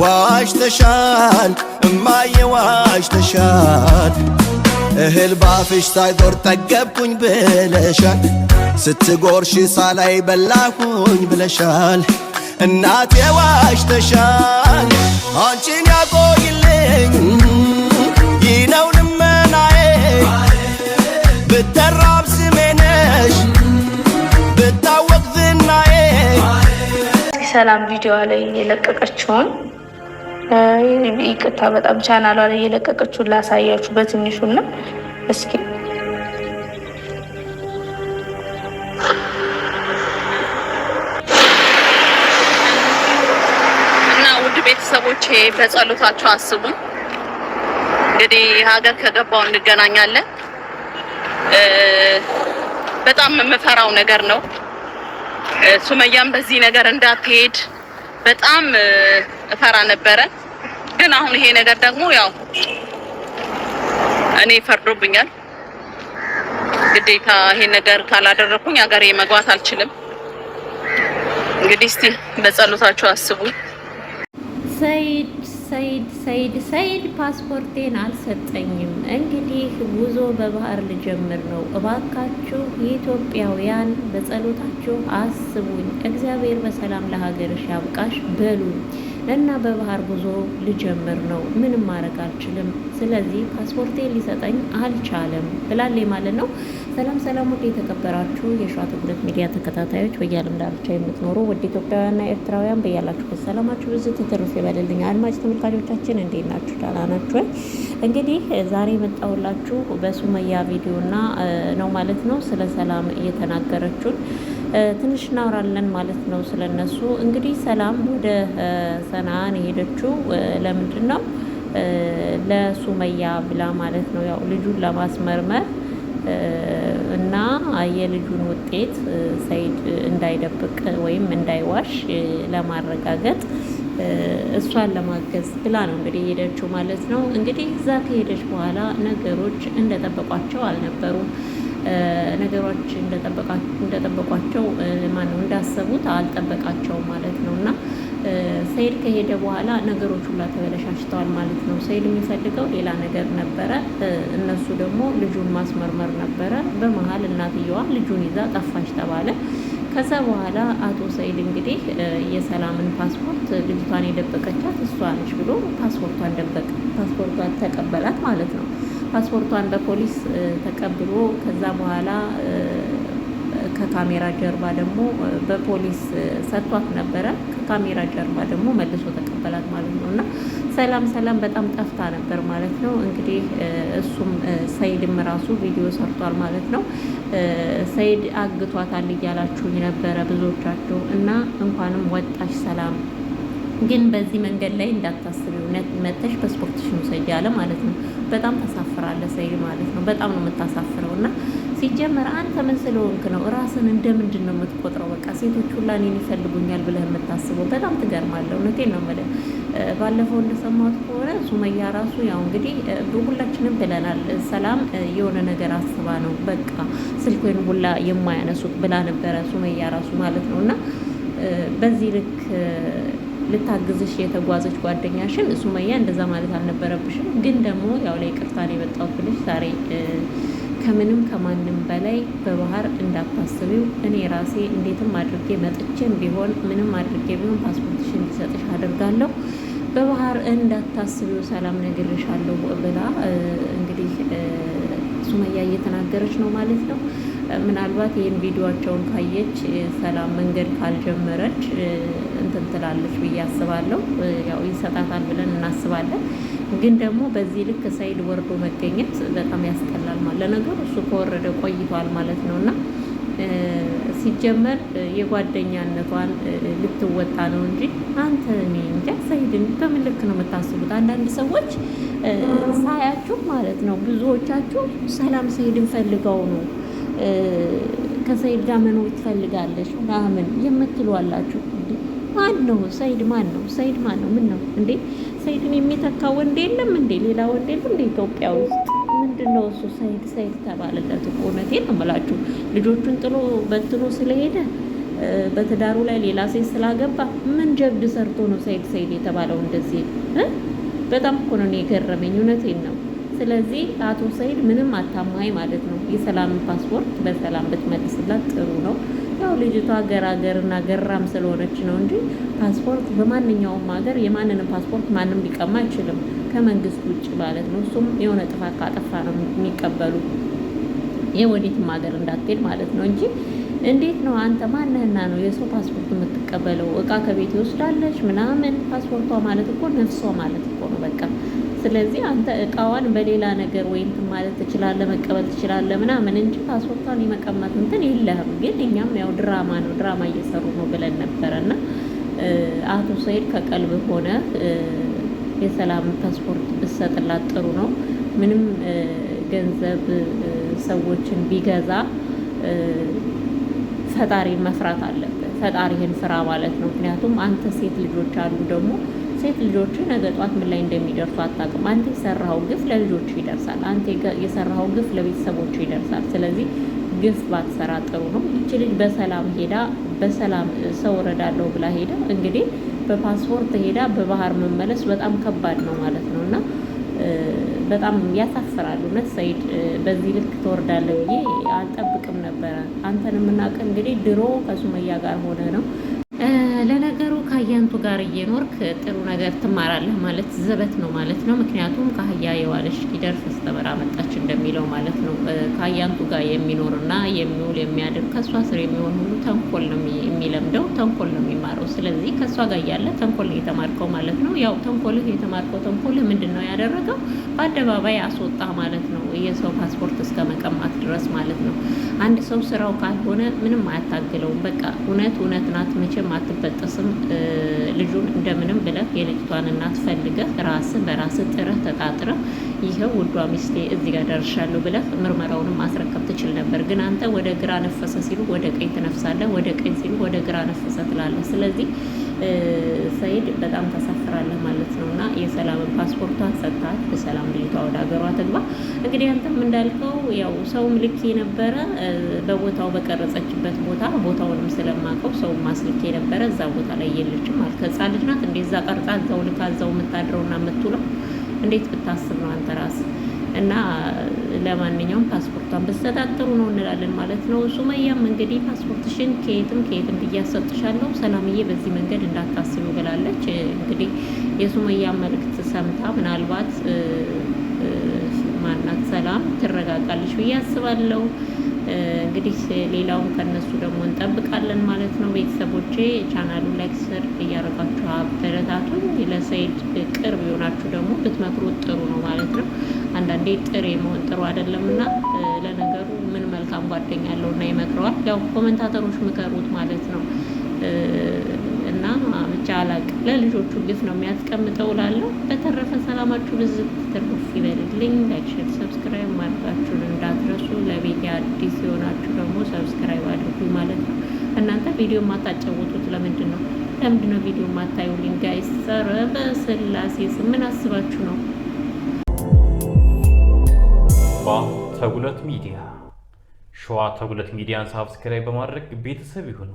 ዋሽተሻል እማዬ ዋሽተሻል እህል ባፍሽ ሳይዞር ጠገብኩኝ ብለሻል ስትጎርሽ ሳላይ በላኩኝ ብለሻል እናቴ ዋሽተሻል አንቺን ያቆይልኝ ይነው ልመናዬ ብተራብ ስሜነሽ ብታወቅ ዝናዬ ሰላም ቪዲዮዋ ላይ የለቀቀችውን ይቅርታ በጣም ቻናሏ ላይ የለቀቀችውን ላሳያችሁ በትንሹ በትንሹና እስኪ እና ውድ ቤተሰቦቼ በጸሎታችሁ አስቡ። እንግዲህ ሀገር ከገባው እንገናኛለን። በጣም የምፈራው ነገር ነው። ሱመያም በዚህ ነገር እንዳትሄድ በጣም እፈራ ነበረን። ግን አሁን ይሄ ነገር ደግሞ ያው እኔ ፈርዶብኛል። ግዴታ ይሄ ነገር ካላደረኩኝ ሀገሬ መግባት አልችልም። እንግዲህ እስቲ በጸሎታችሁ አስቡ። ሰይድ ሰይድ ሰይድ ሰይድ ፓስፖርቴን አልሰጠኝም። እንግዲህ ጉዞ በባህር ልጀምር ነው። እባካችሁ የኢትዮጵያውያን በጸሎታችሁ አስቡኝ። እግዚአብሔር በሰላም ለሀገርሽ ያብቃሽ በሉኝ። እና በባህር ጉዞ ልጀምር ነው፣ ምንም ማድረግ አልችልም፣ ስለዚህ ፓስፖርቴ ሊሰጠኝ አልቻለም ብላሌ ማለት ነው። ሰላም ሰላም፣ ውድ የተከበራችሁ የሸዋ ትጉለት ሚዲያ ተከታታዮች፣ በየዓለም ዳርቻ የምትኖሩ ውድ ኢትዮጵያውያንና ኤርትራውያን በያላችሁበት ሰላማችሁ ብዙ ትትርፍ ይበልልኝ። አድማጭ ተመልካቾቻችን እንዴት ናችሁ? ደህና ናችሁ? እንግዲህ ዛሬ የመጣሁላችሁ በሱመያ ቪዲዮና ነው ማለት ነው ስለ ሰላም እየተናገረችውን ትንሽ እናወራለን ማለት ነው ስለነሱ። እንግዲህ ሰላም ወደ ሰናን የሄደችው ለምንድን ነው? ለሱመያ ብላ ማለት ነው። ያው ልጁን ለማስመርመር እና የልጁን ውጤት ሰይድ እንዳይደብቅ ወይም እንዳይዋሽ ለማረጋገጥ እሷን ለማገዝ ብላ ነው እንግዲህ ሄደችው ማለት ነው። እንግዲህ እዛ ከሄደች በኋላ ነገሮች እንደጠበቋቸው አልነበሩም። ነገሮች እንደጠበቋቸው ማነው እንዳሰቡት አልጠበቃቸውም ማለት ነው። እና ሰይድ ከሄደ በኋላ ነገሮች ሁላ ተበለሻሽተዋል ማለት ነው። ሰይድ የሚፈልገው ሌላ ነገር ነበረ፣ እነሱ ደግሞ ልጁን ማስመርመር ነበረ። በመሀል እናትየዋ ልጁን ይዛ ጠፋች ተባለ። ከዛ በኋላ አቶ ሰይድ እንግዲህ የሰላምን ፓስፖርት ልጅቷን የደበቀቻት እሷ ነች ብሎ ፓስፖርቷን ደበቀ፣ ፓስፖርቷን ተቀበላት ማለት ነው። ፓስፖርቷን በፖሊስ ተቀብሎ ከዛ በኋላ ከካሜራ ጀርባ ደግሞ በፖሊስ ሰጥቷት ነበረ። ከካሜራ ጀርባ ደግሞ መልሶ ተቀበላት ማለት ነው። እና ሰላም ሰላም በጣም ጠፍታ ነበር ማለት ነው። እንግዲህ እሱም ሰይድም ራሱ ቪዲዮ ሰርቷል ማለት ነው። ሰይድ አግቷታል እያላችሁኝ ነበረ ብዙዎቻችሁ እና እንኳንም ወጣሽ ሰላም ግን በዚህ መንገድ ላይ እንዳታስብ መተሽ ፓስፖርትሽን ውሰጂ አለ ማለት ነው። በጣም ታሳፍራለህ ሰይድ ማለት ነው። በጣም ነው የምታሳፍረው። እና ሲጀመር አንተ ምን ስለሆንክ ነው ራስን እንደምንድን ነው የምትቆጥረው? በቃ ሴቶች ሁላ እኔን ይፈልጉኛል ብለህ የምታስበው በጣም ትገርማለህ። እውነቴን ነው የምልህ። ባለፈው እንደሰማሁት ከሆነ ሱመያ ራሱ ያው እንግዲህ ሁላችንም ብለናል፣ ሰላም የሆነ ነገር አስባ ነው በቃ ስልኮን ሁላ የማያነሱት ብላ ነበረ ሱመያ ራሱ ማለት ነው እና በዚህ ልክ ልታግዝሽ የተጓዘች ጓደኛሽን ሱመያ እንደዛ ማለት አልነበረብሽም፣ ግን ደግሞ ያው ላይ ቅርታን የመጣው ብልሽ ዛሬ ከምንም ከማንም በላይ በባህር እንዳታስቢው እኔ ራሴ እንዴትም አድርጌ መጥቼም ቢሆን ምንም አድርጌ ቢሆን ፓስፖርትሽ እንዲሰጥሽ አድርጋለሁ። በባህር እንዳታስቢው ሰላም ነግርሻለሁ ብላ እንግዲህ ሱመያ እየተናገረች ነው ማለት ነው። ምናልባት ይህን ቪዲዮቸውን ካየች ሰላም መንገድ ካልጀመረች እንትን ትላለች ብዬ አስባለሁ። ያው ይሰጣታል ብለን እናስባለን። ግን ደግሞ በዚህ ልክ ሰይድ ወርዶ መገኘት በጣም ያስጠላል። ማለት ለነገሩ እሱ ከወረደ ቆይቷል ማለት ነው እና ሲጀመር የጓደኛነቷን ልትወጣ ነው እንጂ አንተ እኔ እንጃ ሰይድን በምን ልክ ነው የምታስቡት? አንዳንድ ሰዎች ሳያችሁ ማለት ነው ብዙዎቻችሁ ሰላም ሰይድን ፈልገው ነው ከሰይድ ጋር መኖር ትፈልጋለች ምናምን የምትሉ አላችሁ። ማን ነው ሰይድ? ማን ነው ሰይድ? ማን ነው? ምን ነው እንዴ? ሰይድን የሚተካ ወንድ የለም እንዴ? ሌላ ወንድ የለም እንዴ? ኢትዮጵያ ውስጥ ምንድን ነው እሱ? ሰይድ ሰይድ ተባለለት። እውነቴን ነው የምላችሁ። ልጆቹን ጥሎ በትኖ ስለሄደ በትዳሩ ላይ ሌላ ሴት ስላገባ ምን ጀብድ ሰርቶ ነው ሰይድ ሰይድ የተባለው? እንደዚህ በጣም እኮ ነው የገረመኝ። እውነቴን ነው። ስለዚህ አቶ ሰይድ ምንም አታማኝ ማለት ነው። የሰላምን ፓስፖርት በሰላም ብትመልስላት ጥሩ ነው። ያው ልጅቷ ገራገርና ገራም ስለሆነች ነው እንጂ ፓስፖርት በማንኛውም ሀገር የማንንም ፓስፖርት ማንም ሊቀማ አይችልም ከመንግስት ውጭ ማለት ነው። እሱም የሆነ ጥፋት ካጠፋ ነው የሚቀበሉ የወዴትም ሀገር እንዳትሄድ ማለት ነው እንጂ እንዴት ነው አንተ ማንህና ነው የሰው ፓስፖርት የምትቀበለው? እቃ ከቤት ይወስዳለች ምናምን ፓስፖርቷ ማለት እኮ ነፍሷ ማለት እኮ ነው በቃ ስለዚህ አንተ እቃዋን በሌላ ነገር ወይም ማለት ትችላለህ፣ መቀበል ትችላለህ ምናምን እንጂ ፓስፖርቷን የመቀማት እንትን የለህም። ግን እኛም ያው ድራማ ነው ድራማ እየሰሩ ነው ብለን ነበረ እና አቶ ሰይድ ከቀልብ ሆነ የሰላም ፓስፖርት ብሰጥላት ጥሩ ነው። ምንም ገንዘብ ሰዎችን ቢገዛ ፈጣሪ መፍራት አለበት። ፈጣሪህን ፍራ ማለት ነው። ምክንያቱም አንተ ሴት ልጆች አሉ ደግሞ ሴት ልጆች ነገ ጠዋት ምን ላይ እንደሚደርሱ አታውቅም። አንተ የሰራኸው ግፍ ለልጆች ይደርሳል። አንተ የሰራኸው ግፍ ለቤተሰቦች ይደርሳል። ስለዚህ ግፍ ባትሰራ ጥሩ ነው። ይቺ ልጅ በሰላም ሄዳ በሰላም ሰው እረዳለሁ ብላ ሄዳ እንግዲህ በፓስፖርት ሄዳ በባህር መመለስ በጣም ከባድ ነው ማለት ነው እና በጣም ያሳፍራል። እውነት ሰይድ በዚህ ልክ ትወርዳለህ ብዬ አልጠብቅም ነበረ። አንተን የምናውቅ እንግዲህ ድሮ ከሱመያ ጋር ሆነ ነው ለነገሩ ከአያንቱ ጋር እየኖርክ ጥሩ ነገር ትማራለህ ማለት ዘበት ነው ማለት ነው። ምክንያቱም ከአህያ የዋለሽ ሊደርስ ስተመራ መጣች እንደሚለው ማለት ነው። ከአህያንቱ ጋር የሚኖርና የሚውል የሚያድር ከእሷ ስር የሚሆን ሁሉ ተንኮል ነው የሚለምደው፣ ተንኮል ነው የሚማረው። ስለዚህ ከእሷ ጋር እያለ ተንኮል ነው የተማርከው ማለት ነው። ያው ተንኮልህ የተማርከው ተንኮልህ ምንድን ነው ያደረገው? በአደባባይ አስወጣ ማለት ነው። የሰው ፓስፖርት እስከ መቀማት ድረስ ማለት ነው። አንድ ሰው ስራው ካልሆነ ምንም አያታግለውም። በቃ እውነት እውነት ናት መቼም አትበጠስም። ልጁን እንደምንም ብለህ የልጅቷን እናት ፈልገህ ራስህ በራስህ ጥረህ ተጣጥረህ ይኸው ውዷ ሚስቴ እዚህ ጋር ደርሻለሁ ብለህ ምርመራውንም ማስረከብ ትችል ነበር። ግን አንተ ወደ ግራ ነፈሰ ሲሉ ወደ ቀኝ ትነፍሳለህ፣ ወደ ቀኝ ሲሉ ወደ ግራ ነፈሰ ትላለህ። ስለዚህ ሰይድ በጣም ተሳፍራለህ ማለት ነው እና የሰላምን ፓስፖርቷን ሰጥታት በሰላም ልጅቷ ወደ ሀገሯ ትግባ። እንግዲህ አንተም እንዳልከው ያው ሰውም ልኬ ነበረ በቦታው በቀረጸችበት ቦታ ቦታውንም ስለማቀው ሰው ማስልኬ ነበረ። እዛ ቦታ ላይ የለችም ማለት ልጅ ናት እንዴ እዛ ቀርጻ እዛው ልካ እዛው የምታድረውና የምትውለው እንዴት ብታስብ ነው አንተ ራስ እና ለማንኛውም ፓስፖርት ብሰጣት ነው እንላለን ማለት ነው። ሱመያም እንግዲህ ፓስፖርትሽን ከየትም ከየትም ብዬ አሰጥሻለሁ ሰላምዬ፣ በዚህ መንገድ እንዳታስብ ብላለች። እንግዲህ የሱመያ መልእክት ሰምታ ምናልባት ማናት ሰላም ትረጋጋለች ብዬ አስባለሁ። እንግዲህ ሌላውን ከነሱ ደግሞ እንጠብቃለን ማለት ነው። ቤተሰቦቼ ቻናሉ ላይክ ስር እያደረጋችሁ አበረታቱኝ። ለሰይድ ቅርብ የሆናችሁ ደግሞ ብትመክሩት ጥሩ ነው ማለት ነው። አንዳንዴ ጥሬ መሆን ጥሩ አይደለም እና መልካም ጓደኛ ያለው እና ይመክረዋል። ያው ኮመንታተሮች ምከሩት ማለት ነው። እና ብቻ አላቅ ለልጆቹ ግፍ ነው የሚያስቀምጠው ላለው። በተረፈ ሰላማችሁ ብዝት ትርፍ ይበልልኝ። ላይክ፣ ሼር፣ ሰብስክራይብ ማድረጋችሁን እንዳትረሱ። ለቤት አዲስ የሆናችሁ ደግሞ ሰብስክራይብ አድርጉኝ ማለት ነው። እናንተ ቪዲዮ የማታጫወቱት ለምንድን ነው? ለምንድን ነው ቪዲዮ የማታዩልኝ? ጋይስ ጸረ በስላሴ ስም ምን አስባችሁ ነው? ተጉለት ሚዲያ ሸዋ ተጉለት ሚዲያን ሳብስክራይብ በማድረግ ቤተሰብ ይሁኑ።